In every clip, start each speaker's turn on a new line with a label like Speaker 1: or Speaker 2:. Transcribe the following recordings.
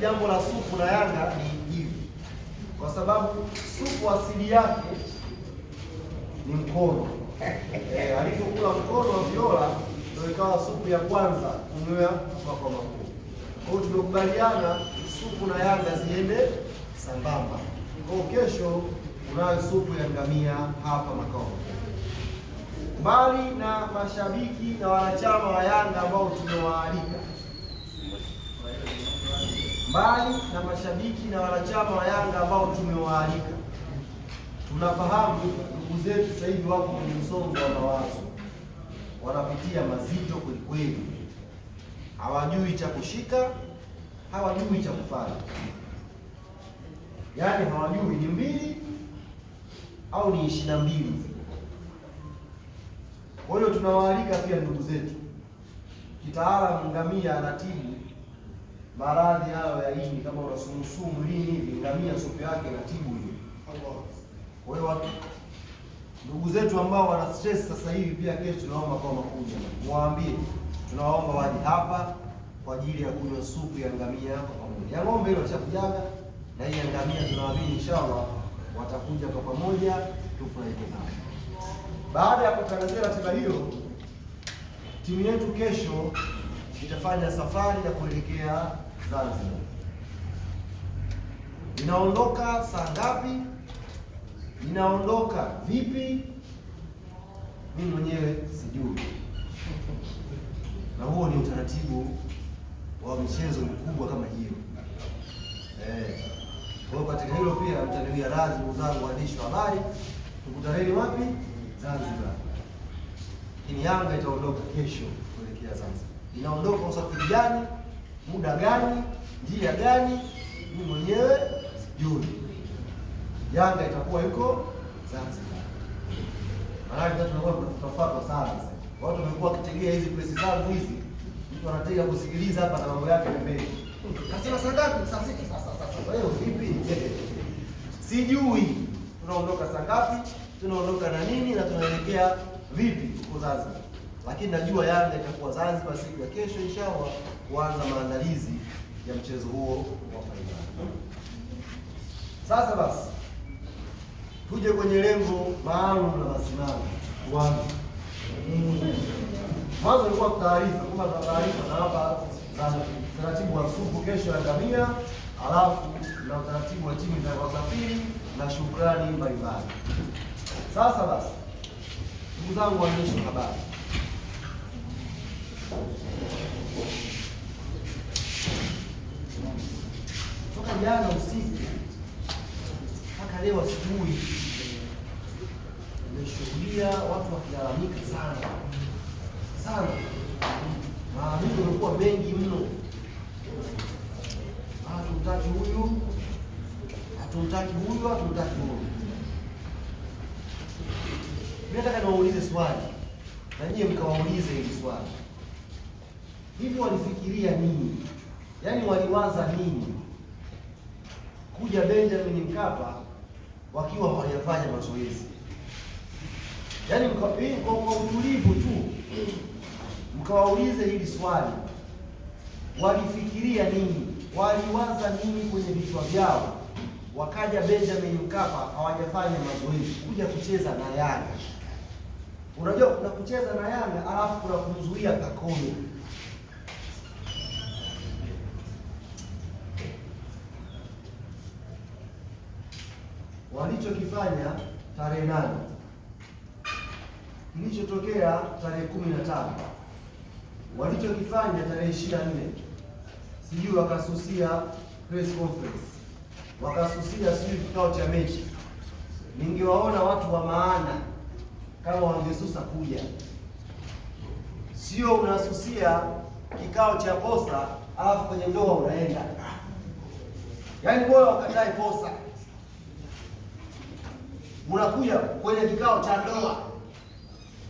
Speaker 1: jambo la supu na Yanga ni hivi, kwa sababu supu asili yake ni mkono eh, alipokula mkono wa Viola ndio ikawa supu ya kwanza kwa kwa makuu. Kwa hiyo tumekubaliana supu na Yanga ziende sambamba. Kwa kesho unayo supu ya ngamia hapa makao Mbali na mashabiki na wanachama wa Yanga ambao tumewaalika mbali na mashabiki na wanachama wa Yanga ambao tumewaalika. Tunafahamu ndugu zetu sasa hivi wako kwenye msongo wa mawazo, wanapitia mazito kwelikweli, hawajui cha kushika, hawajui cha kufanya, yaani hawajui ni mbili au ni ishirini na mbili. Kwa hiyo tunawaalika pia ndugu zetu, kitaalamu ngamia anatibu maradhi hayo ya ini, kama unasumusumu lini vingamia ngamia supu yake tibu hiyo. Kwa hiyo watu ndugu zetu ambao wana stress sasa hivi, pia kesho tunaomba kwa makuja, muwaambie tunaomba waje hapa kwa ajili ya kunywa supu ya ngamia kwa pamoja. Ya ng'ombe ile chakujaga na hii ya ngamia, tunaamini inshallah watakuja kwa pamoja, tufurahike nao. Baada ya kutangazia ratiba hiyo, timu yetu kesho itafanya safari ya kuelekea Zanzibar. inaondoka saa ngapi? Inaondoka vipi? Mimi mwenyewe sijui. Na huo ni utaratibu wa michezo mkubwa kama hiyo. Eh. Kwa hiyo katika hilo pia mtaniwia radhi ndugu zangu waandishi wa habari, tukutaneni wapi? Zanzibar. Lakini Yanga itaondoka kesho kuelekea Zanzibar. Inaondoka usafiri gani? muda gani, njia gani, mimi mwenyewe sijui. Yanga itakuwa iko Zanzibar, maanake tunakuwa tunatafuta sana. Watu wamekuwa wakitegea hizi pesi zangu hizi, mtu anataka kusikiliza hapa na mambo yake pembeni,
Speaker 2: kasema saa ngapi? Saa sita. Sasa sasa
Speaker 1: wewe vipi? Sijui tunaondoka saa ngapi, tunaondoka na nini, na tunaelekea vipi huko Zanzibar, lakini najua Yanga itakuwa Zanzibar siku ya kesho inshallah kuanza maandalizi ya mchezo huo wa fainali. Sasa basi tuje kwenye lengo maalum la masimamo kwanza. Mwanzo ilikuwa taarifa kwamba taarifa na hapa utaratibu wa supu kesho ya ngamia, alafu na utaratibu wa timu wasafiri na shukrani mbalimbali. Sasa basi, ndugu zangu waandishi habari toka jana usiku mpaka leo asubuhi nimeshuhudia watu wakilalamika sana sana, maamini wamekuwa mengi mno, hatumtaki huyu, hatumtaki huyu, hatumtaki huyu. Mimi nataka niwaulize swali na nyie mkawaulize hili swali, hivyo, walifikiria nini? Yaani waliwaza nini kuja Benjamin Mkapa wakiwa hawajafanya mazoezi, yaani eh, kwa utulivu tu mkawaulize hili swali, walifikiria nini? Waliwaza nini kwenye vichwa vyao? Wakaja Benjamin Mkapa hawajafanya mazoezi kuja kucheza na Yanga. Unajua kuna kucheza na Yanga alafu kuna kumzuia Pacome walichokifanya tarehe nane, kilichotokea tarehe kumi na tano, walichokifanya tarehe ishirini na nne, sijui wakasusia press conference, wakasusia sijui kikao cha mechi. Ningewaona watu wa maana kama wangesusa kuja, sio unasusia kikao cha posa alafu kwenye ndoa unaenda, yaani wewe wakatae posa unakuja kwenye kikao cha ndoa,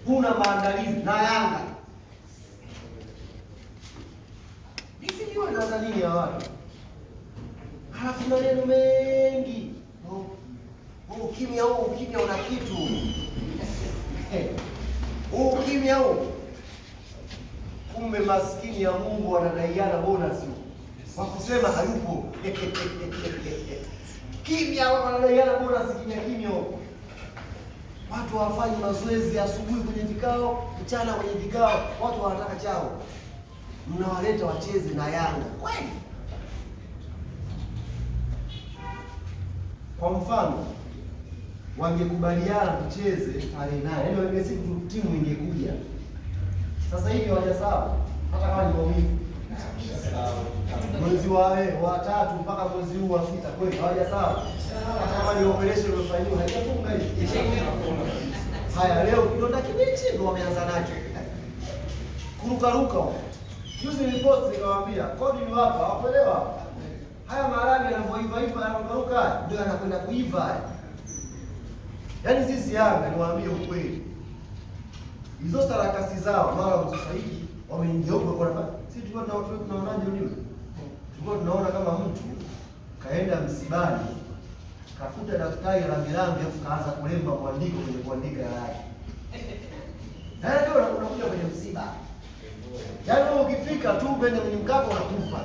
Speaker 1: kuna maandalizi na Yanga isijiwe sasa nini ya watu, halafu maneno mengi huu oh, oh, kimya huu oh, ukimya una kitu huu kimya huu. Kumbe maskini ya Mungu wanadaiana bonus kwa kusema hayupo kimya, wanadaiana bonus kimya kimya. Watu hawafanyi mazoezi asubuhi kwenye vikao, mchana kwenye vikao, watu wanataka chao. Mnawaleta wacheze na Yanga kweli? Kwa mfano wangekubaliana tucheze tarehe nane, yaani wangesiku timu ingekuja sasa hivi, waja sawa, hata kama ni maumivu mwezi wa eh, wa tatu mpaka mwezi huu wa sita, kweli hawaja sawa. Kama ni operation iliyofanywa haijafunga hiyo. Haya, leo kidonda kibichi ndio wameanza nacho kurukaruka. Juzi niliposti nikawaambia kodi ni wapa hawakuelewa. Haya maharage yanavyoiva iva yanarukaruka ndio yanakwenda kuiva. Yaani sisi Yanga niwaambie ukweli, hizo sarakasi zao mara msaidi wameingia huko kwa nafasi. Sisi tulikuwa tuna watu tunaonaje ulimi? Tulikuwa tunaona kama mtu kaenda msibani kafuta daftari la milango afu kaanza kulemba kuandika kwenye kuandika yake. Yaani Haya ndio unakuja kwenye msiba. Yaani ukifika tu kwenye mkapa unakufa.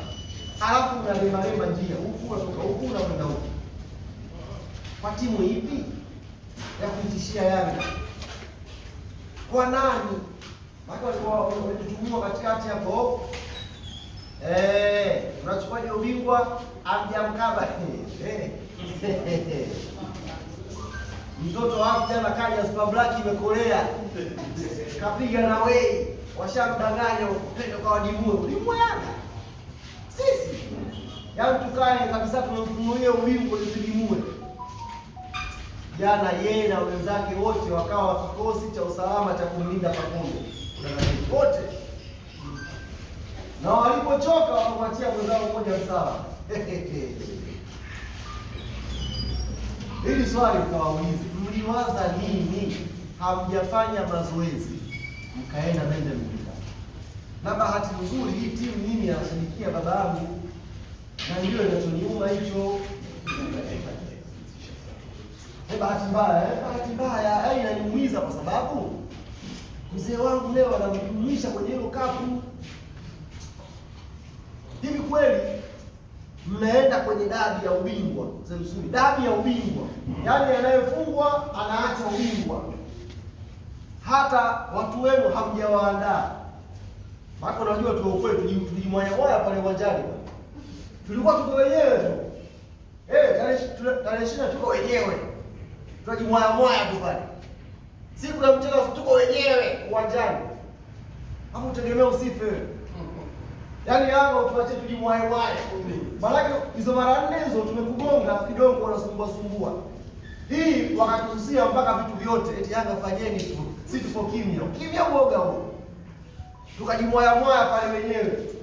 Speaker 1: Alafu unalemba lemba njia huku unatoka huku na kwenda huku. Kwa timu ipi? Ya kumtishia Yanga. Kwa nani? Maana walikuwa walitutumua katikati hapo. Eh, unachukuaje ubingwa amjamkaba? Mkaba. Mtoto wako jana kaja super black imekolea. Kapiga na wei, washamdanganya upendo kwa wadimu. Ulimwa Yanga. Sisi. Yaani tukae kabisa tunamtunuia ubingwa tuzidimue. Jana yeye na wenzake wote wakawa kikosi cha usalama cha kumlinda Pakundu wote, na walipochoka wakamwachia mwenzao mmoja msalaba. Hili swali mkawaulize, mliwaza nini? Hamjafanya mazoezi mkaenda mende mlika. Na bahati nzuri hii timu nini anashirikia baba yangu, na ndio inachoniuma hicho eh, bahati mbaya, eh, bahati mbaya, eh, inaniumiza kwa sababu mzee wangu leo anamjulisha kwenye hilo kapu. Hivi kweli mnaenda kwenye dabi ya ubingwa, mzee mzuri, dabi ya ubingwa, yaani anayefungwa anaacha ubingwa, hata watu wenu hamjawaandaa. Maana unajua tu ukweli, tulijimwayawaya pale uwanjani, tulikuwa tuko wenyewe tu eh, tarehe 20 tuko wenyewe, moya tu pale si kuna mchezo tuko wenyewe uwanjani, hapo utegemea usife. Yaani hapa utuache tujimwaewai, maanake hizo mara nne hizo tumekugonga kidogo, unasumbua sumbua hii wakatuhusia mpaka vitu vyote, eti Yanga fanyeni tu, si tuko kimya kimya, uoga huo, tukajimwayamwaya pale wenyewe.